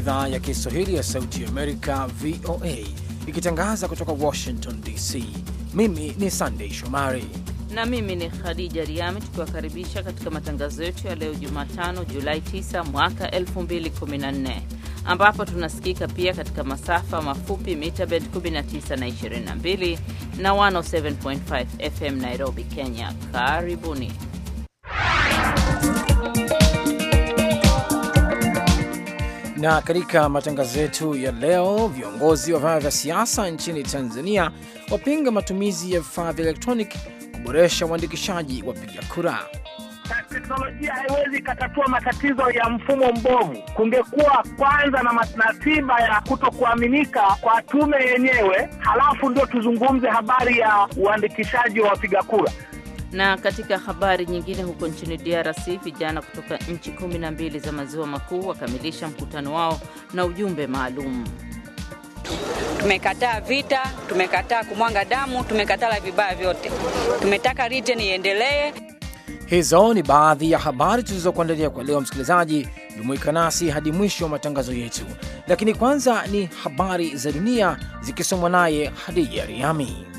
idhaa ya Kiswahili ya Sauti Amerika, VOA, ikitangaza kutoka Washington DC. Mimi ni Sandei Shomari na mimi ni Khadija Riami, tukiwakaribisha katika matangazo yetu ya leo Jumatano, Julai 9 mwaka 2014 ambapo tunasikika pia katika masafa mafupi mita bend 19 na 22 na 107.5 FM Nairobi, Kenya. Karibuni. Na katika matangazo yetu ya leo, viongozi wa vyama vya siasa nchini Tanzania wapinga matumizi ya vifaa vya elektroniki kuboresha uandikishaji wa wapiga kura. Teknolojia haiwezi ikatatua matatizo ya mfumo mbovu. Kungekuwa kwanza na ratiba ya kutokuaminika kwa tume yenyewe, halafu ndio tuzungumze habari ya uandikishaji wa wapiga kura. Na katika habari nyingine, huko nchini DRC vijana kutoka nchi 12 za maziwa makuu wakamilisha mkutano wao na ujumbe maalum. Tumekataa vita, tumekataa kumwanga damu, tumekataa vibaya vyote, tumetaka region iendelee. Hizo ni baadhi ya habari tulizokuandalia kwa leo. Msikilizaji, jumuika nasi hadi mwisho wa matangazo yetu, lakini kwanza ni habari za dunia zikisomwa naye Hadija Riami.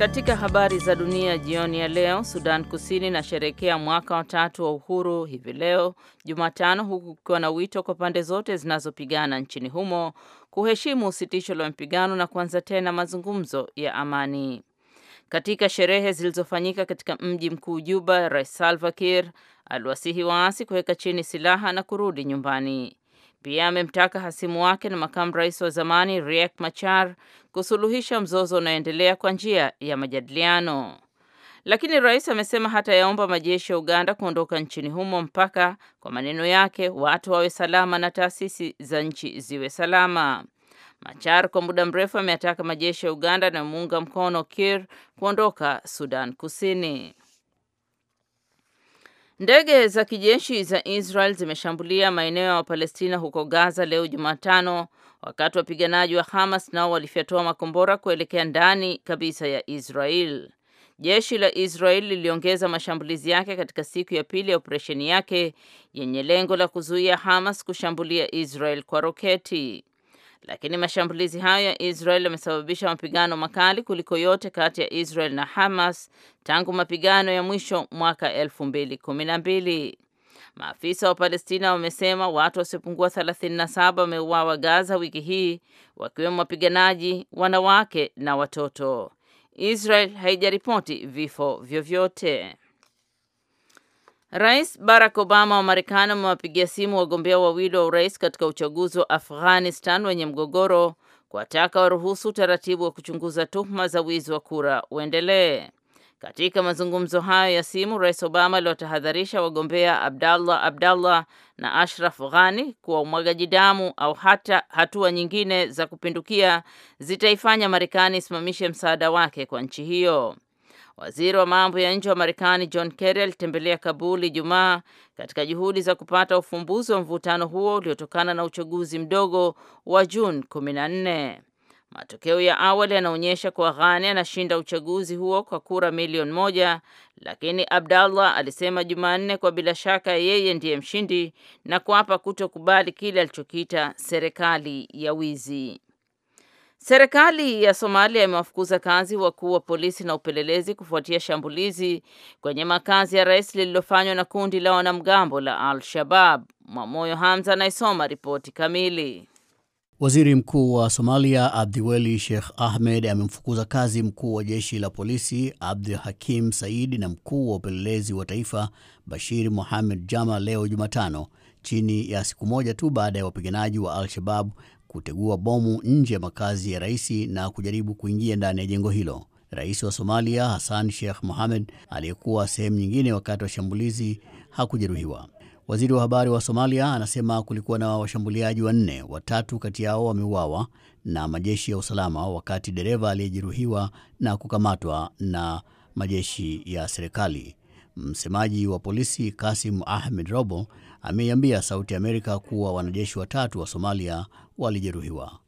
Katika habari za dunia jioni ya leo, Sudan Kusini inasherehekea mwaka wa tatu wa uhuru hivi leo Jumatano, huku kukiwa na wito kwa pande zote zinazopigana nchini humo kuheshimu usitisho la mapigano na kuanza tena mazungumzo ya amani. Katika sherehe zilizofanyika katika mji mkuu Juba, Rais Salva Kiir aliwasihi waasi kuweka chini silaha na kurudi nyumbani. Pia amemtaka hasimu wake na makamu rais wa zamani Riek Machar kusuluhisha mzozo unaoendelea kwa njia ya majadiliano. Lakini rais amesema hata yaomba majeshi ya Uganda kuondoka nchini humo mpaka, kwa maneno yake, watu wawe salama na taasisi za nchi ziwe salama. Machar kwa muda mrefu ameataka majeshi ya Uganda anayomuunga mkono Kir kuondoka Sudan Kusini. Ndege za kijeshi za Israel zimeshambulia maeneo ya Wapalestina huko Gaza leo Jumatano, wakati wapiganaji wa Hamas nao walifyatua makombora kuelekea ndani kabisa ya Israel. Jeshi la Israel liliongeza mashambulizi yake katika siku ya pili ya operesheni yake yenye lengo la kuzuia Hamas kushambulia Israel kwa roketi lakini mashambulizi hayo ya Israel yamesababisha mapigano makali kuliko yote kati ya Israel na Hamas tangu mapigano ya mwisho mwaka 2012. Maafisa wa Palestina wamesema watu wasiopungua 37 wameuawa Gaza wiki hii, wakiwemo wapiganaji, wanawake na watoto. Israel haijaripoti vifo vyovyote. Rais Barack Obama wa Marekani amewapigia simu wagombea wawili wa urais katika uchaguzi wa Afghanistan wenye mgogoro kuwataka waruhusu utaratibu wa kuchunguza tuhuma za wizi wa kura uendelee. Katika mazungumzo hayo ya simu, Rais Obama aliwatahadharisha wagombea Abdallah Abdallah na Ashraf Ghani kuwa umwagaji damu au hata hatua nyingine za kupindukia zitaifanya Marekani isimamishe msaada wake kwa nchi hiyo. Waziri wa mambo ya nje wa Marekani John Kerry alitembelea Kabul Ijumaa katika juhudi za kupata ufumbuzi wa mvutano huo uliotokana na uchaguzi mdogo wa Juni 14. Matokeo ya awali yanaonyesha kuwa Ghani anashinda uchaguzi huo kwa kura milioni moja, lakini Abdallah alisema Jumanne kwa bila shaka yeye ndiye mshindi na kuapa kutokubali kile alichokiita serikali ya wizi. Serikali ya Somalia imewafukuza kazi wakuu wa polisi na upelelezi kufuatia shambulizi kwenye makazi ya rais lililofanywa na kundi la wanamgambo la Al-Shabab. Mwamoyo Hamza anayesoma ripoti kamili. Waziri Mkuu wa Somalia Abdiweli Sheikh Ahmed amemfukuza kazi mkuu wa jeshi la polisi Abdul Hakim Said na mkuu wa upelelezi wa taifa Bashir Mohamed Jama leo Jumatano, chini ya siku moja tu baada ya wapiganaji wa Al-Shabab kutegua bomu nje ya makazi ya rais na kujaribu kuingia ndani ya jengo hilo. Rais wa Somalia Hassan Sheikh Mohamed aliyekuwa sehemu nyingine wakati wa shambulizi hakujeruhiwa. Waziri wa habari wa Somalia anasema kulikuwa na washambuliaji wanne, watatu kati yao wameuawa na majeshi ya usalama, wakati dereva aliyejeruhiwa na kukamatwa na majeshi ya serikali. Msemaji wa polisi Kasim Ahmed Robo ameiambia Sauti Amerika kuwa wanajeshi watatu wa Somalia walijeruhiwa.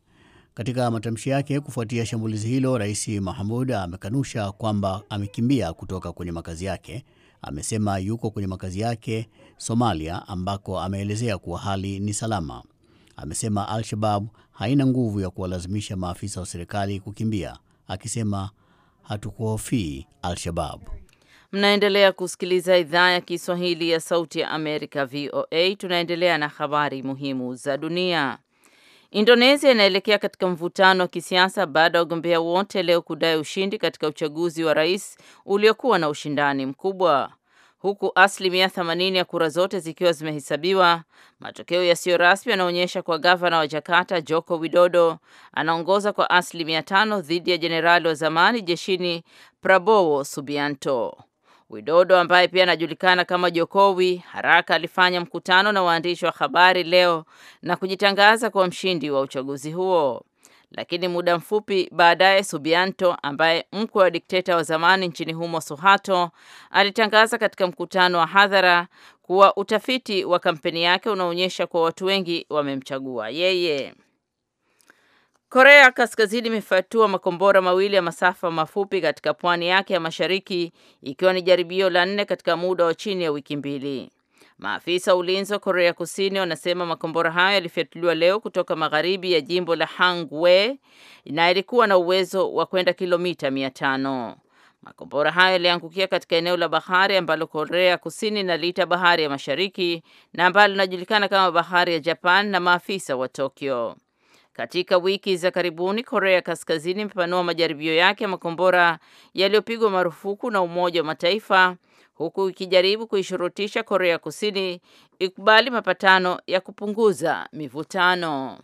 Katika matamshi yake kufuatia shambulizi hilo, Rais Mahamud amekanusha kwamba amekimbia kutoka kwenye makazi yake. Amesema yuko kwenye makazi yake Somalia, ambako ameelezea kuwa hali ni salama. Amesema Al-Shabab haina nguvu ya kuwalazimisha maafisa wa serikali kukimbia, akisema hatukuhofii Al-Shabab. Mnaendelea kusikiliza idhaa ya Kiswahili ya Sauti ya Amerika, VOA. Tunaendelea na habari muhimu za dunia. Indonesia inaelekea katika mvutano wa kisiasa baada ya wagombea wote leo kudai ushindi katika uchaguzi wa rais uliokuwa na ushindani mkubwa huku asilimia 80 ya kura zote zikiwa zimehesabiwa. Matokeo yasiyo rasmi yanaonyesha kwa gavana wa Jakarta Joko Widodo anaongoza kwa asilimia tano dhidi ya jenerali wa zamani jeshini Prabowo Subianto. Widodo ambaye pia anajulikana kama Jokowi haraka alifanya mkutano na waandishi wa habari leo na kujitangaza kuwa mshindi wa uchaguzi huo. Lakini muda mfupi baadaye, Subianto ambaye mkwe wa dikteta wa zamani nchini humo Suharto alitangaza katika mkutano wa hadhara kuwa utafiti wa kampeni yake unaonyesha kuwa watu wengi wamemchagua yeye. Korea Kaskazini imefatua makombora mawili ya masafa mafupi katika pwani yake ya mashariki ikiwa ni jaribio la nne katika muda wa chini ya wiki mbili. Maafisa wa ulinzi wa Korea Kusini wanasema makombora hayo yalifyatuliwa leo kutoka magharibi ya jimbo la Hangwe na yalikuwa na uwezo wa kwenda kilomita mia tano. Makombora hayo yaliangukia katika eneo la bahari ambalo Korea Kusini inaliita bahari ya Mashariki na ambalo linajulikana kama bahari ya Japan na maafisa wa Tokyo. Katika wiki za karibuni, Korea Kaskazini imepanua majaribio yake ya makombora yaliyopigwa marufuku na Umoja wa Mataifa, huku ikijaribu kuishurutisha Korea Kusini ikubali mapatano ya kupunguza mivutano.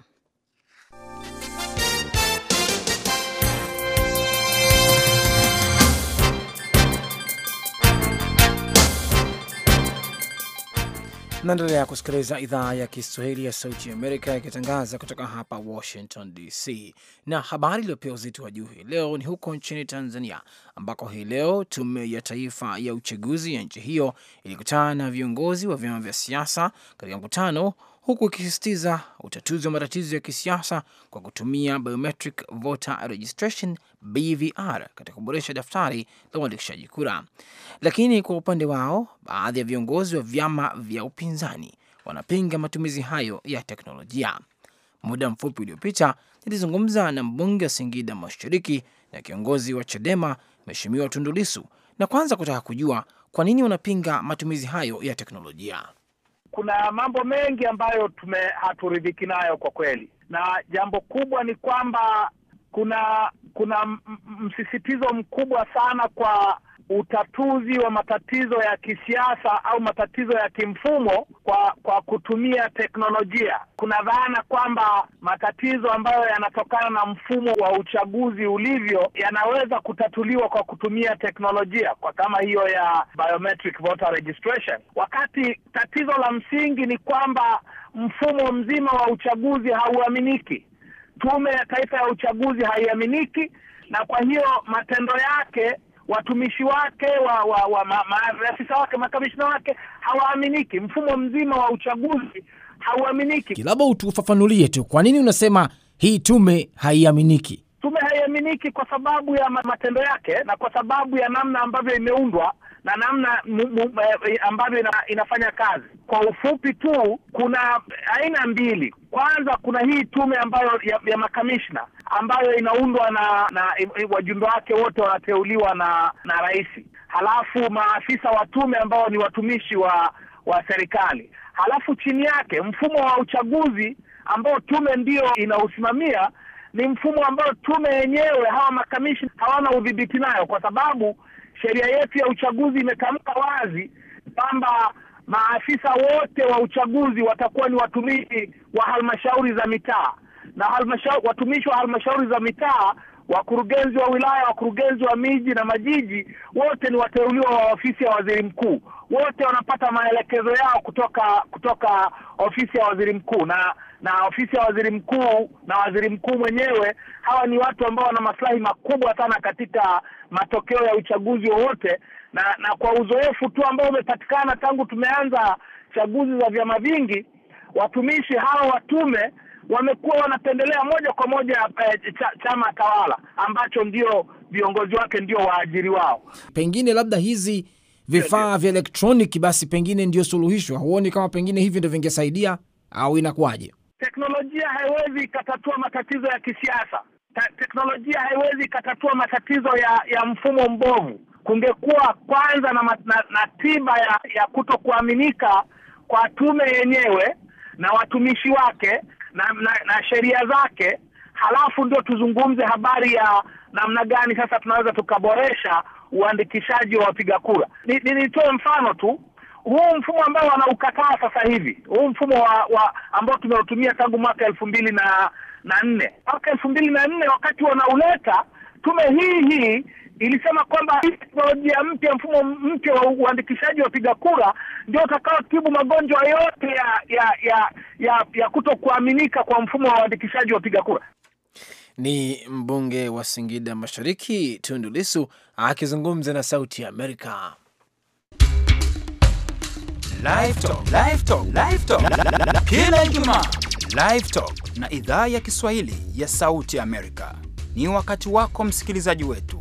Naendelea kusikiliza idhaa ya Kiswahili ya Sauti ya Amerika ikitangaza kutoka hapa Washington DC, na habari iliyopewa uzito wa juu hii leo ni huko nchini Tanzania, ambako hii leo Tume ya Taifa ya Uchaguzi ya nchi hiyo ilikutana na viongozi wa vyama vya siasa katika mkutano huku ikisisitiza utatuzi wa matatizo ya kisiasa kwa kutumia biometric voter registration BVR katika kuboresha daftari la uandikishaji kura. Lakini kwa upande wao, baadhi ya viongozi wa vyama vya upinzani wanapinga matumizi hayo ya teknolojia. Muda mfupi uliopita nilizungumza na mbunge wa Singida Mashariki na kiongozi wa Chadema Mheshimiwa tundulisu na kwanza kutaka kujua kwa nini wanapinga matumizi hayo ya teknolojia kuna mambo mengi ambayo tume haturidhiki nayo kwa kweli, na jambo kubwa ni kwamba kuna kuna msisitizo mkubwa sana kwa utatuzi wa matatizo ya kisiasa au matatizo ya kimfumo kwa kwa kutumia teknolojia. Kuna dhana kwamba matatizo ambayo yanatokana na mfumo wa uchaguzi ulivyo yanaweza kutatuliwa kwa kutumia teknolojia, kwa kama hiyo ya biometric voter registration, wakati tatizo la msingi ni kwamba mfumo mzima wa uchaguzi hauaminiki. Tume ya Taifa ya Uchaguzi haiaminiki, na kwa hiyo matendo yake watumishi wake wa, wa, wa maafisa wake makamishina wake hawaaminiki. Mfumo mzima wa uchaguzi hauaminiki. Labda utufafanulie tu, kwa nini unasema hii tume haiaminiki? Tume haiaminiki kwa sababu ya matendo yake na kwa sababu ya namna ambavyo imeundwa na namna eh, eh, ambavyo ina, inafanya kazi. Kwa ufupi tu, kuna aina mbili. Kwanza kuna hii tume ambayo ya, ya makamishna ambayo inaundwa na, na eh, wajumbe wake wote wanateuliwa na na rais, halafu maafisa wa tume ambao ni watumishi wa wa serikali, halafu chini yake mfumo wa uchaguzi ambao tume ndiyo inausimamia. Ni mfumo ambao tume yenyewe hawa makamishna hawana udhibiti nayo, kwa sababu sheria yetu ya uchaguzi imetamka wazi kwamba maafisa wote wa uchaguzi watakuwa ni watumishi wa halmashauri za mitaa na watumishi wa halmashauri za mitaa wakurugenzi wa wilaya, wakurugenzi wa miji na majiji, wote ni wateuliwa wa ofisi ya waziri mkuu. Wote wanapata maelekezo yao kutoka kutoka ofisi ya waziri mkuu na na ofisi ya waziri mkuu na waziri mkuu mwenyewe. Hawa ni watu ambao wana maslahi makubwa sana katika matokeo ya uchaguzi wowote, na na kwa uzoefu tu ambao umepatikana tangu tumeanza chaguzi za vyama vingi, watumishi hawa watume wamekuwa wanapendelea moja kwa moja eh, chama tawala ambacho ndio viongozi wake ndio waajiri wao. Pengine labda hizi vifaa vya elektroniki basi pengine ndio suluhisho. Huoni kama pengine hivi ndio vingesaidia au inakuwaje? Teknolojia haiwezi ikatatua matatizo ya kisiasa. Ta teknolojia haiwezi ikatatua matatizo ya, ya mfumo mbovu. Kungekuwa kwanza na, na, na tiba ya, ya kutokuaminika kwa tume yenyewe na watumishi wake na, na, na sheria zake, halafu ndio tuzungumze habari ya namna gani sasa tunaweza tukaboresha uandikishaji wa wapiga kura. Nitoe ni, ni mfano tu huu mfumo ambao wanaukataa sasa hivi, huu mfumo wa, wa ambao tumeutumia tangu mwaka elfu mbili na na nne mwaka elfu mbili na nne wakati wanauleta tume hii hii ilisema kwamba hii teknolojia mpya, mfumo mpya wa uandikishaji wa piga kura ndio utakaotibu magonjwa yote ya ya ya ya, ya kutokuaminika kwa mfumo wa uandikishaji wa piga kura. Ni mbunge wa Singida Mashariki Tundu Lisu akizungumza na Sauti ya Amerika. Kila Ijumaa Live Talk na idhaa ya Kiswahili ya Sauti ya Amerika, ni wakati wako msikilizaji wetu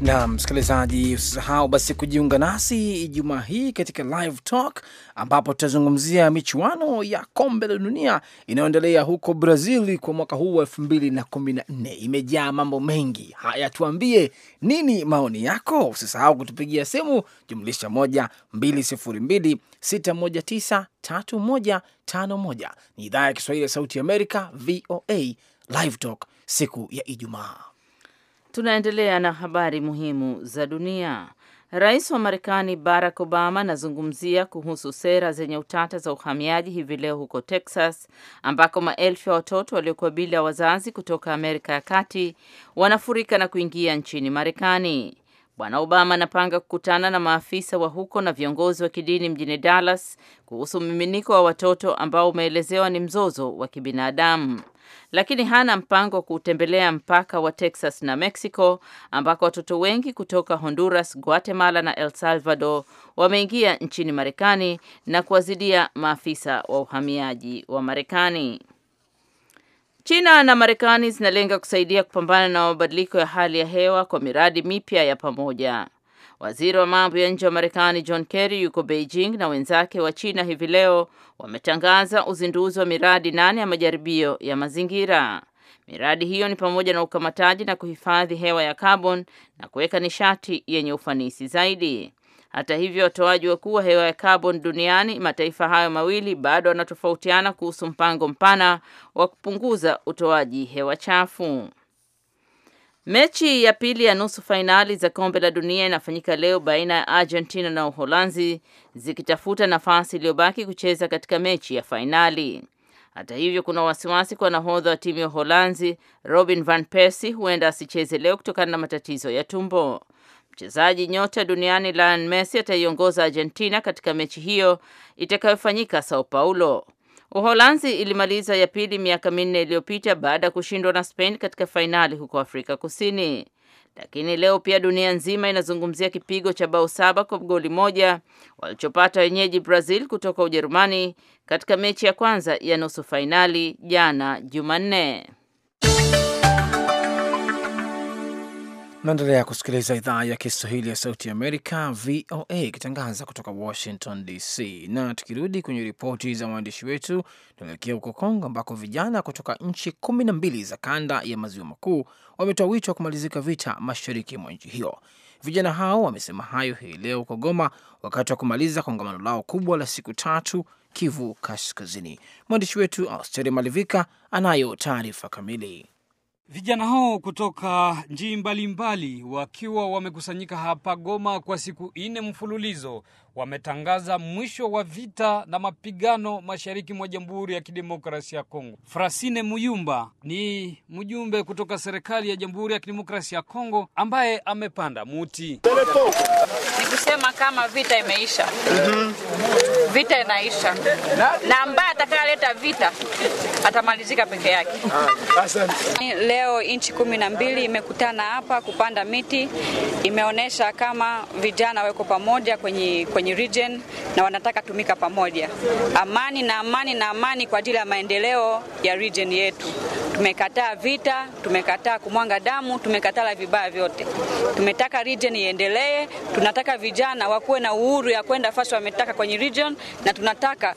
na msikilizaji, usisahau basi kujiunga nasi Ijumaa hii katika Live Talk ambapo tutazungumzia michuano ya kombe la dunia inayoendelea huko Brazil kwa mwaka huu wa elfu mbili na kumi na nne. Imejaa mambo mengi. Haya, tuambie nini maoni yako. Usisahau kutupigia simu jumlisha moja mbili sifuri mbili sita moja tisa tatu moja tano moja. Ni idhaa ya Kiswahili ya Sauti Amerika, VOA Live Talk siku ya Ijumaa. Tunaendelea na habari muhimu za dunia. Rais wa Marekani Barack Obama anazungumzia kuhusu sera zenye utata za uhamiaji hivi leo huko Texas, ambako maelfu ya watoto waliokuwa bila wazazi kutoka Amerika ya Kati wanafurika na kuingia nchini Marekani. Bwana Obama anapanga kukutana na maafisa wa huko na viongozi wa kidini mjini Dallas kuhusu mmiminiko wa watoto ambao umeelezewa ni mzozo wa kibinadamu lakini hana mpango wa kuutembelea mpaka wa Texas na Mexico ambako watoto wengi kutoka Honduras, Guatemala na El Salvador wameingia nchini Marekani na kuwazidia maafisa wa uhamiaji wa Marekani. China na Marekani zinalenga kusaidia kupambana na mabadiliko ya hali ya hewa kwa miradi mipya ya pamoja. Waziri wa mambo ya nje wa Marekani John Kerry yuko Beijing na wenzake wa China hivi leo wametangaza uzinduzi wa miradi nane ya majaribio ya mazingira. Miradi hiyo ni pamoja na ukamataji na kuhifadhi hewa ya carbon na kuweka nishati yenye ufanisi zaidi. Hata hivyo, watoaji wakuu wa hewa ya carbon duniani, mataifa hayo mawili bado wanatofautiana kuhusu mpango mpana wa kupunguza utoaji hewa chafu. Mechi ya pili ya nusu fainali za kombe la dunia inafanyika leo baina ya Argentina na Uholanzi zikitafuta nafasi iliyobaki kucheza katika mechi ya fainali. Hata hivyo, kuna wasiwasi kwa nahodha wa timu ya Uholanzi Robin van Persie huenda asicheze leo kutokana na matatizo ya tumbo. Mchezaji nyota duniani Lionel Messi ataiongoza Argentina katika mechi hiyo itakayofanyika Sao Paulo. Uholanzi ilimaliza ya pili miaka minne iliyopita baada ya kushindwa na Spain katika fainali huko Afrika Kusini. Lakini leo pia dunia nzima inazungumzia kipigo cha bao saba kwa goli moja walichopata wenyeji Brazil kutoka Ujerumani katika mechi ya kwanza ya nusu fainali jana Jumanne. Naendelea kusikiliza idhaa ya Kiswahili ya Sauti ya Amerika, VOA, ikitangaza kutoka Washington DC. Na tukirudi kwenye ripoti za waandishi wetu, tunaelekea huko Kongo ambako vijana kutoka nchi kumi na mbili za kanda ya maziwa makuu wametoa wito wa kumalizika vita mashariki mwa nchi hiyo. Vijana hao wamesema hayo hii leo huko Goma wakati wa kumaliza kongamano lao kubwa la siku tatu Kivu Kaskazini. Mwandishi wetu Austeri Malivika anayo taarifa kamili. Vijana hao kutoka njii mbalimbali wakiwa wamekusanyika hapa Goma kwa siku nne mfululizo wametangaza mwisho wa vita na mapigano mashariki mwa Jamhuri ya Kidemokrasia ya Kongo. Frasine Muyumba ni mjumbe kutoka serikali ya Jamhuri ya Kidemokrasia ya Kongo ambaye amepanda muti. Ni kusema kama vita imeisha. Mhm. Vita inaisha. Na ambaye atakayeleta vita atamalizika peke yake. Ah, Leo nchi kumi na mbili imekutana hapa kupanda miti, imeonyesha kama vijana weko pamoja kwenye, kwenye region na wanataka tumika pamoja, amani na amani na amani kwa ajili ya maendeleo ya region yetu. Tumekataa vita, tumekataa kumwanga damu, tumekataa vibaya vyote. Tumetaka region iendelee, tunataka vijana wakuwe na uhuru ya kwenda fasi wametaka kwenye region, na tunataka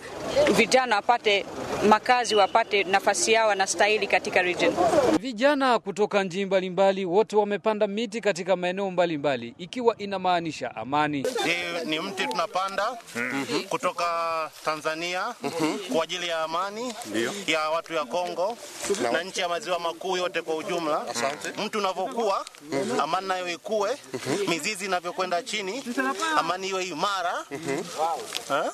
vijana wapate makazi, wapate nafasi yao wanastahili katika region. Vijana kutoka nchi mbalimbali wote wamepanda miti katika maeneo mbalimbali, ikiwa inamaanisha amani. Ni, ni mti tunapanda mm -hmm. kutoka Tanzania mm -hmm. kwa ajili ya amani Dio. ya watu ya Kongo na nchi ya maziwa makuu yote kwa ujumla. Asante. Mtu unavyokuwa amani nayo ikue, mizizi inavyokwenda chini, amani iwe imara. Eh?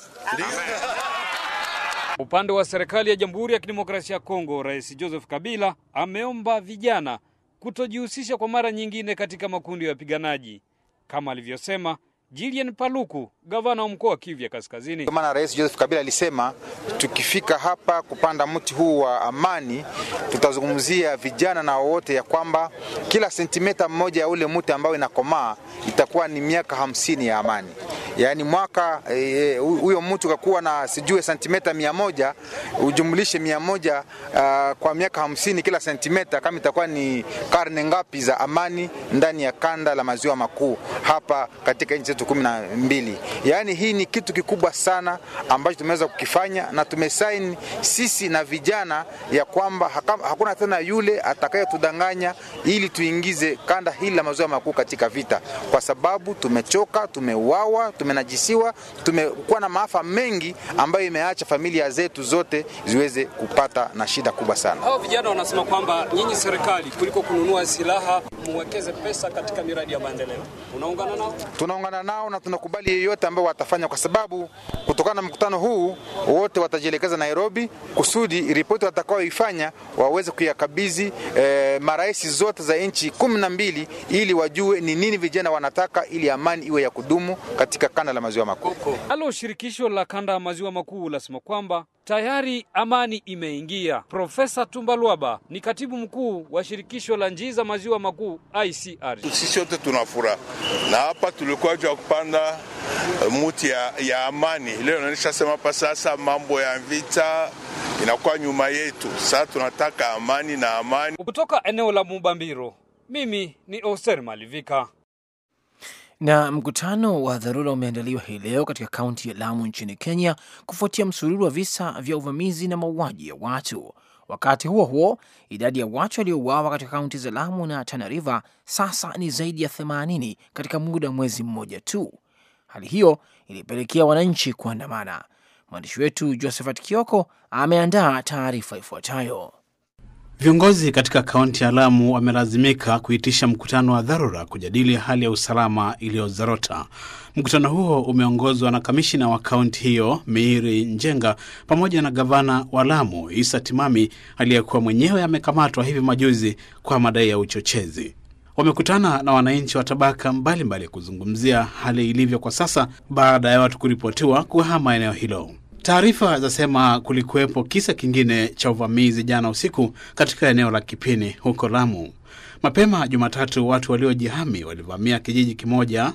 Upande wa serikali ya Jamhuri ya Kidemokrasia ya Kongo, Rais Joseph Kabila ameomba vijana kutojihusisha kwa mara nyingine katika makundi ya wapiganaji kama alivyosema Julian Paluku, gavana wa mkoa wa Kivu ya Kaskazini. maana Rais Joseph Kabila alisema tukifika hapa kupanda mti huu wa amani, tutazungumzia vijana na wote ya kwamba kila sentimeta mmoja ya ule mti ambao inakomaa itakuwa ni miaka hamsini ya amani. Yaani mwaka eh, huyo e, mtu kakuwa na sijue sentimeta mia moja ujumlishe mia moja uh, kwa miaka hamsini kila sentimeta, kama itakuwa ni karne ngapi za amani ndani ya kanda la maziwa makuu hapa katika nchi yetu kumi na mbili. Yaani hii ni kitu kikubwa sana ambacho tumeweza kukifanya na tumesaini sisi na vijana ya kwamba hakuna tena yule atakayetudanganya ili tuingize kanda hili la maziwa makuu katika vita, kwa sababu tumechoka, tumeuawa, tumenajisiwa, tumekuwa na maafa mengi ambayo imeacha familia zetu zote ziweze kupata na shida kubwa sana. Hao vijana wanasema kwamba nyinyi serikali, kuliko kununua silaha muwekeze pesa katika miradi ya maendeleo. Unaungana nao? Tunaungana nao na tunakubali yeyote ambao watafanya, kwa sababu kutokana na mkutano huu wote watajielekeza Nairobi kusudi ripoti watakaoifanya waweze kuyakabidhi eh, marais zote za nchi kumi na mbili ili wajue ni nini vijana wanataka ili amani iwe ya kudumu katika kanda la maziwa makuu. Halo, shirikisho la kanda ya maziwa makuu lasema kwamba tayari amani imeingia. Profesa Tumbalwaba ni katibu mkuu wa shirikisho la njii za maziwa makuu ICR. Sisi wote tuna furaha na hapa tulikuwa jua kupanda eh, muti ya, ya amani. Leo inaonyesha sema hapa sasa mambo ya vita inakuwa nyuma yetu, sasa tunataka amani na amani. Kutoka eneo la Mubambiro, mimi ni Oser Malivika. Na mkutano wa dharura umeandaliwa hii leo katika kaunti ya Lamu nchini Kenya kufuatia msururu wa visa vya uvamizi na mauaji ya watu. Wakati huo huo, idadi ya watu waliouawa katika kaunti za Lamu na Tana River sasa ni zaidi ya 80 katika muda wa mwezi mmoja tu. Hali hiyo ilipelekea wananchi kuandamana. Mwandishi wetu Josephat Kioko ameandaa taarifa ifuatayo. Viongozi katika kaunti ya Lamu wamelazimika kuitisha mkutano wa dharura kujadili hali ya usalama iliyozorota. Mkutano huo umeongozwa na kamishina wa kaunti hiyo miri Njenga pamoja na gavana wa Lamu Isa Timami aliyekuwa mwenyewe amekamatwa hivi majuzi kwa madai ya uchochezi. Wamekutana na wananchi wa tabaka mbalimbali kuzungumzia hali ilivyo kwa sasa baada ya watu kuripotiwa kuhama eneo hilo. Taarifa zasema kulikuwepo kisa kingine cha uvamizi jana usiku katika eneo la Kipini huko Lamu. Mapema Jumatatu, watu waliojihami walivamia kijiji kimoja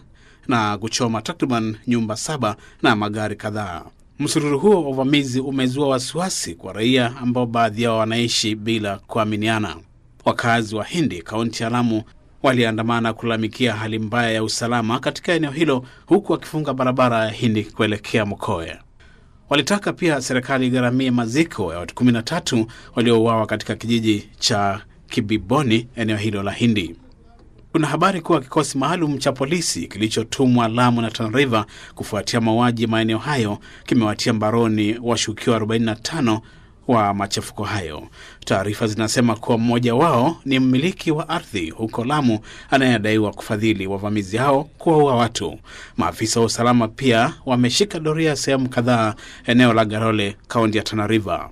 na kuchoma takriban nyumba saba na magari kadhaa. Msururu huo wa uvamizi umezua wasiwasi kwa raia ambao baadhi yao wanaishi bila kuaminiana. Wakazi wa Hindi, kaunti ya Lamu, waliandamana kulalamikia hali mbaya ya usalama katika eneo hilo, huku wakifunga barabara ya Hindi kuelekea Mokowe. Walitaka pia serikali igharamie maziko ya watu 13 waliouawa katika kijiji cha Kibiboni, eneo hilo la Hindi. Kuna habari kuwa kikosi maalum cha polisi kilichotumwa Lamu na Tana kufuatia mauaji maeneo hayo kimewatia mbaroni washukiwa 45 wa machafuko hayo. Taarifa zinasema kuwa mmoja wao ni mmiliki wa ardhi huko Lamu anayedaiwa kufadhili wavamizi hao kuwaua watu. Maafisa wa usalama pia wameshika doria sehemu kadhaa eneo la Garole, kaunti ya Tana River.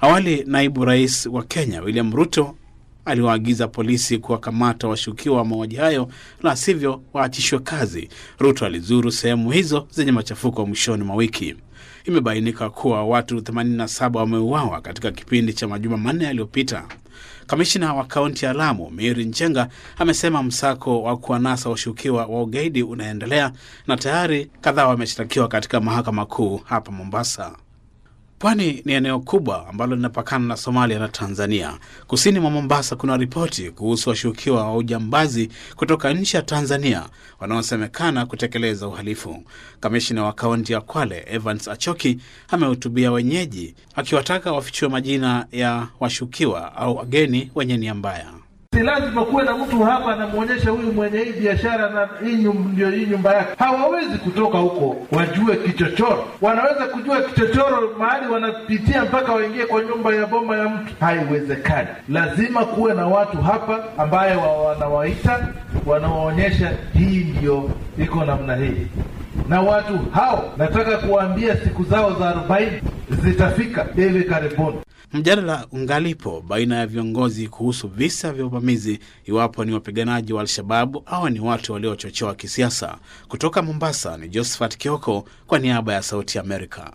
Awali naibu rais wa Kenya William Ruto aliwaagiza polisi kuwakamata washukiwa wa mauaji hayo, la sivyo waachishwe kazi. Ruto alizuru sehemu hizo zenye machafuko mwishoni mwa wiki imebainika kuwa watu 87 wameuawa katika kipindi cha majuma manne yaliyopita. Kamishina wa kaunti ya Lamu Mary Njenga amesema msako wa kuwanasa washukiwa wa ugaidi unaendelea na tayari kadhaa wameshtakiwa katika mahakama kuu hapa Mombasa. Pwani ni eneo kubwa ambalo linapakana na Somalia na Tanzania. Kusini mwa Mombasa kuna ripoti kuhusu washukiwa wa ujambazi kutoka nchi ya Tanzania wanaosemekana kutekeleza uhalifu. Kamishina wa kaunti ya Kwale Evans Achoki amehutubia wenyeji akiwataka wafichue majina ya washukiwa au wageni wenye nia mbaya. Si lazima kuwe na mtu hapa anamwonyesha huyu mwenye hii biashara na hii ndio hii nyumba yake. Hawawezi kutoka huko wajue kichochoro, wanaweza kujua kichochoro mahali wanapitia mpaka waingie kwa nyumba ya bomba ya mtu. Haiwezekani, lazima kuwe na watu hapa ambaye wanawaita, wanawaonyesha hii ndio iko namna hii na watu hao nataka kuwaambia siku zao za arobaini zitafika hivi karibuni. Mjadala ungalipo baina ya viongozi kuhusu visa vya uvamizi, iwapo ni wapiganaji wa Alshababu au ni watu waliochochewa kisiasa. Kutoka Mombasa ni Josephat Kioko kwa niaba ya Sauti Amerika.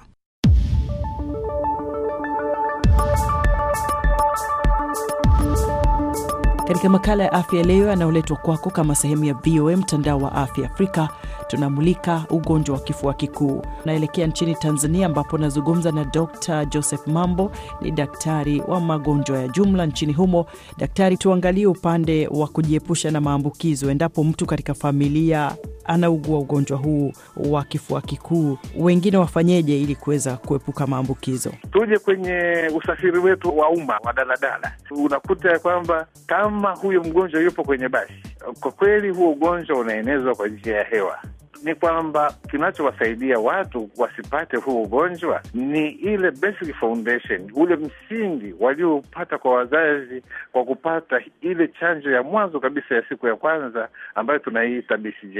Katika makala ya afya leo yanayoletwa kwako kama sehemu ya VOA mtandao wa afya Afrika, tunamulika ugonjwa wa kifua kikuu. Naelekea nchini Tanzania ambapo nazungumza na Dr Joseph Mambo, ni daktari wa magonjwa ya jumla nchini humo. Daktari, tuangalie upande wa kujiepusha na maambukizo endapo mtu katika familia anaugua ugonjwa huu wa kifua kikuu, wengine wafanyeje ili kuweza kuepuka maambukizo? Tuje kwenye usafiri wetu wa umma wa daladala, unakuta ya kwamba kama huyo mgonjwa yupo kwenye basi, kwa kweli huo ugonjwa unaenezwa kwa njia ya hewa ni kwamba kinachowasaidia watu wasipate huu ugonjwa ni ile basic foundation, ule msingi waliopata kwa wazazi, kwa kupata ile chanjo ya mwanzo kabisa ya siku ya kwanza ambayo tunaiita BCJ.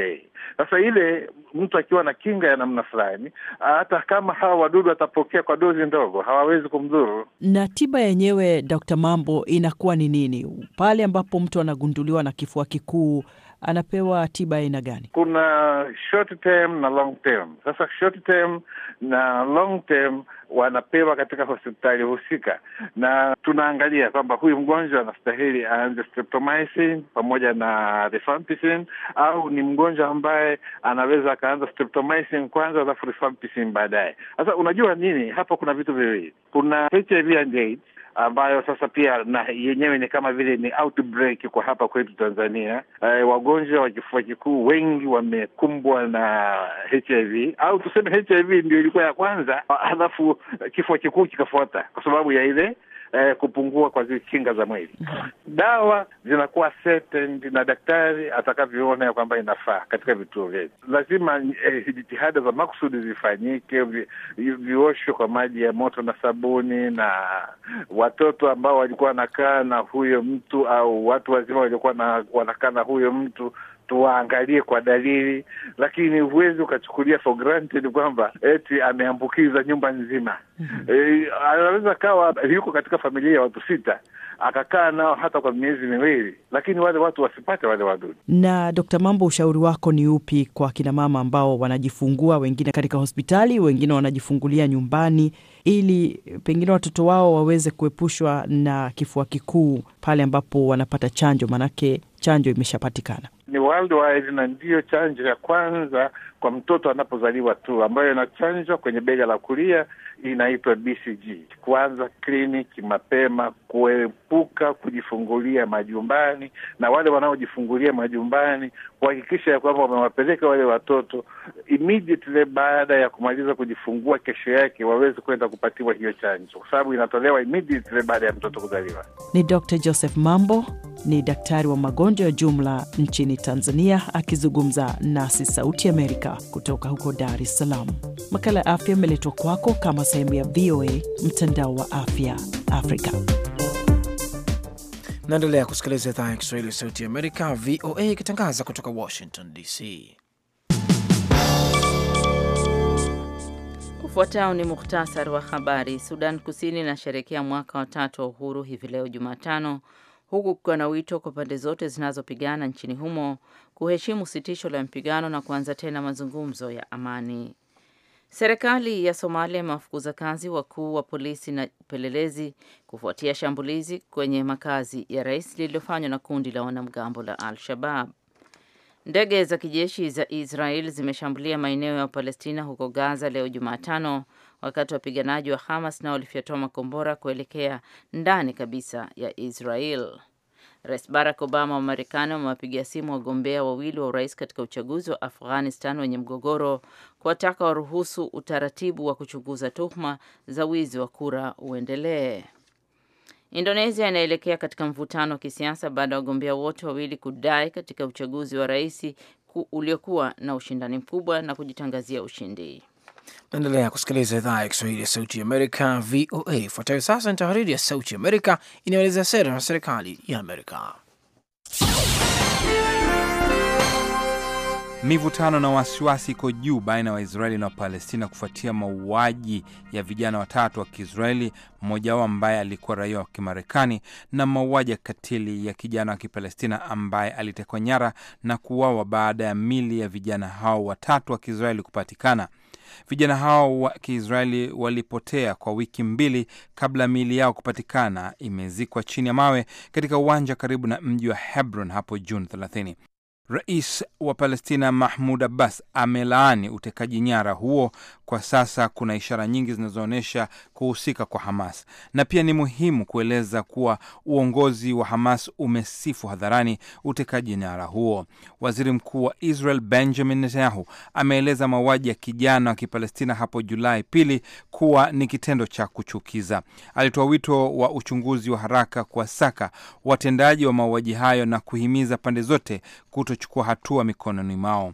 Sasa ile mtu akiwa na kinga ya namna fulani, hata kama hawa wadudu watapokea kwa dozi ndogo, hawawezi kumdhuru. Na tiba yenyewe, Dr. Mambo, inakuwa ni nini pale ambapo mtu anagunduliwa na kifua kikuu anapewa tiba aina gani? Kuna short term na long term. Sasa short term na long term wanapewa katika hospitali husika, na tunaangalia kwamba huyu mgonjwa anastahili aanze streptomycin pamoja na rifampicin, au ni mgonjwa ambaye anaweza akaanza streptomycin kwanza alafu rifampicin baadaye. Sasa unajua nini, hapa kuna vitu viwili, kuna HIV and AIDS ambayo sasa pia na yenyewe ni kama vile ni outbreak kwa hapa kwetu Tanzania. Uh, wagonjwa wa kifua kikuu wengi wamekumbwa na HIV au tuseme HIV ndio ilikuwa ya kwanza, halafu kifua kikuu kikafuata kwa sababu ya ile eh, kupungua kwa zile kinga za mwili. Dawa zinakuwa settled na daktari atakavyoona ya kwamba inafaa katika vituo vyetu. Lazima eh, jitihada za makusudi zifanyike, vi, vioshwe kwa maji ya moto na sabuni, na watoto ambao walikuwa wanakaa na huyo mtu au watu wazima waliokuwa wanakaa na huyo mtu tuwaangalie kwa dalili, lakini huwezi ukachukulia for granted kwamba eti ameambukiza nyumba nzima. Mm -hmm. E, anaweza kawa yuko katika familia ya watu sita, akakaa nao hata kwa miezi miwili, lakini wale watu wasipate wale wadudu. Na Dokta Mambo, ushauri wako ni upi kwa kinamama ambao wanajifungua, wengine katika hospitali, wengine wanajifungulia nyumbani, ili pengine watoto wao waweze kuepushwa na kifua kikuu pale ambapo wanapata chanjo, maanake chanjo imeshapatikana ni worldwide na ndiyo chanjo ya kwanza kwa mtoto anapozaliwa tu, ambayo inachanjwa kwenye bega la kulia inaitwa BCG. Kwanza kliniki mapema, kuepuka kujifungulia majumbani, na wale wanaojifungulia majumbani kuhakikisha ya kwamba wamewapeleka wale watoto immediately baada ya kumaliza kujifungua, kesho yake waweze kwenda kupatiwa hiyo chanjo, kwa sababu inatolewa immediately baada ya mtoto kuzaliwa. Ni Dr. Joseph Mambo, ni daktari wa magonjwa ya jumla nchini Tanzania, akizungumza nasi Sauti Amerika kutoka huko Dar es Salaam. Makala ya afya imeletwa kwako kama sehemu ya VOA mtandao wa afya Afrika. Naendelea kusikiliza idhaa ya Kiswahili ya Sauti ya Amerika, VOA, ikitangaza kutoka Washington DC. Ufuatao ni muhtasari wa habari. Sudan Kusini inasherekea mwaka wa tatu wa uhuru hivi leo Jumatano, huku kukiwa na wito kwa pande zote zinazopigana nchini humo kuheshimu sitisho la mpigano na kuanza tena mazungumzo ya amani. Serikali ya Somalia imewafukuza kazi wakuu wa polisi na upelelezi kufuatia shambulizi kwenye makazi ya rais lililofanywa na kundi la wanamgambo la al shabab Ndege za kijeshi za Israel zimeshambulia maeneo ya Palestina huko Gaza leo Jumatano, wakati wapiganaji wa Hamas nao walifyatua makombora kuelekea ndani kabisa ya Israel. Rais Barack Obama wa Marekani wamewapigia simu wagombea wawili wa urais katika uchaguzi wa Afghanistan wenye mgogoro kuwataka waruhusu utaratibu wa kuchunguza tuhuma za wizi wa kura uendelee. Indonesia inaelekea katika mvutano wa kisiasa baada ya wagombea wote wawili kudai katika uchaguzi wa rais uliokuwa na ushindani mkubwa na kujitangazia ushindi. Naendelea kusikiliza idhaa ya Kiswahili ya Sauti ya Amerika, VOA. Ifuatayo sasa ni tahariri ya Sauti ya Amerika inayoeleza sera na serikali ya Amerika. Mivutano na wasiwasi iko juu baina ya Waisraeli na Wapalestina kufuatia mauaji ya vijana watatu wa Kiisraeli, mmoja wao ambaye alikuwa raia wa Kimarekani, na mauaji ya katili ya kijana wa Kipalestina ambaye alitekwa nyara na kuuawa baada ya mili ya vijana hao watatu wa Kiisraeli kupatikana. Vijana hao wa Kiisraeli walipotea kwa wiki mbili kabla miili yao kupatikana imezikwa chini ya mawe katika uwanja karibu na mji wa Hebron hapo Juni 30. Rais wa Palestina Mahmud Abbas amelaani utekaji nyara huo kwa sasa kuna ishara nyingi zinazoonyesha kuhusika kwa Hamas, na pia ni muhimu kueleza kuwa uongozi wa Hamas umesifu hadharani utekaji nyara huo. Waziri Mkuu wa Israel Benjamin Netanyahu ameeleza mauaji ya kijana wa Kipalestina hapo Julai pili kuwa ni kitendo cha kuchukiza. Alitoa wito wa uchunguzi wa haraka kuwasaka watendaji wa mauaji hayo na kuhimiza pande zote kutochukua hatua mikononi mwao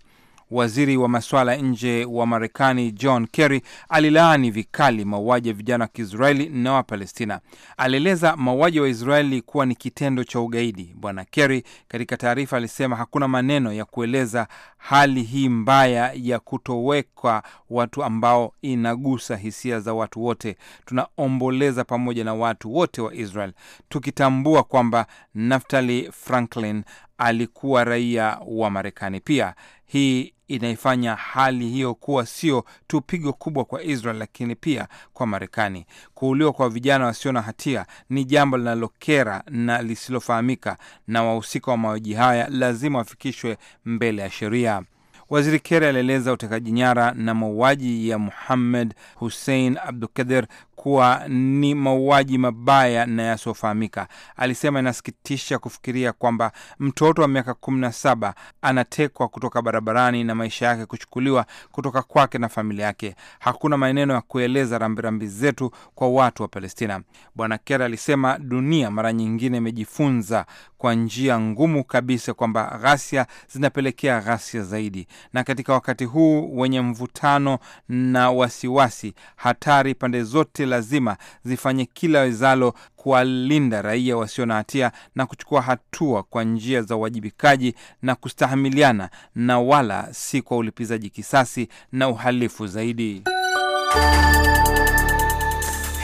waziri wa masuala ya nje wa Marekani John Kerry alilaani vikali mauaji ya vijana wa Kiisraeli na Wapalestina. Alieleza mauaji wa Israeli kuwa ni kitendo cha ugaidi. Bwana Kerry katika taarifa alisema hakuna maneno ya kueleza hali hii mbaya ya kutowekwa watu ambao inagusa hisia za watu wote. Tunaomboleza pamoja na watu wote wa Israel tukitambua kwamba Naftali Franklin alikuwa raia wa Marekani pia. Hii inaifanya hali hiyo kuwa sio tu pigo kubwa kwa Israel, lakini pia kwa Marekani. Kuuliwa kwa vijana wasio na hatia ni jambo linalokera na lisilofahamika, na wahusika wa mauaji haya lazima wafikishwe mbele ya sheria. Waziri Kerry alieleza utekaji nyara na mauaji ya Muhammad Hussein Abdukadir kuwa ni mauaji mabaya na yasiofahamika. Alisema inasikitisha kufikiria kwamba mtoto wa miaka kumi na saba anatekwa kutoka barabarani na maisha yake kuchukuliwa kutoka kwake na familia yake. Hakuna maneno ya kueleza rambirambi zetu kwa watu wa Palestina. Bwana Ker alisema dunia mara nyingine imejifunza kwa njia ngumu kabisa kwamba ghasia zinapelekea ghasia zaidi, na katika wakati huu wenye mvutano na wasiwasi, hatari pande zote zote lazima zifanye kila wezalo kuwalinda raia wasio na hatia na kuchukua hatua kwa njia za uwajibikaji na kustahamiliana, na wala si kwa ulipizaji kisasi na uhalifu zaidi.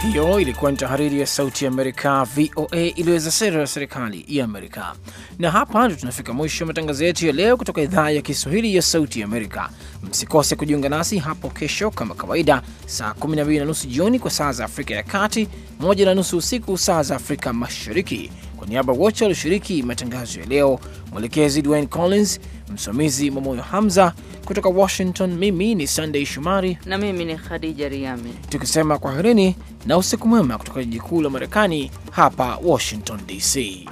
Hiyo ilikuwa ni tahariri ya Sauti ya Amerika, VOA, iliweza sera ya serikali ya Amerika. Na hapa ndio tunafika mwisho matangazo yetu ya leo kutoka idhaa ya Kiswahili ya Sauti ya Amerika. Msikose kujiunga nasi hapo kesho kama kawaida, saa 12 na nusu jioni kwa saa za Afrika ya Kati, 1 na nusu usiku saa za Afrika Mashariki. Kwa niaba wote walioshiriki matangazo ya leo, mwelekezi Dwayne Collins, msimamizi Mamoyo Hamza kutoka Washington, mimi ni sandey Shumari na mimi ni Khadija Riami, tukisema kwaherini na usiku mwema kutoka jiji kuu la Marekani hapa Washington DC.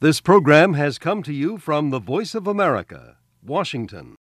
This program has come to you from the Voice of America, Washington.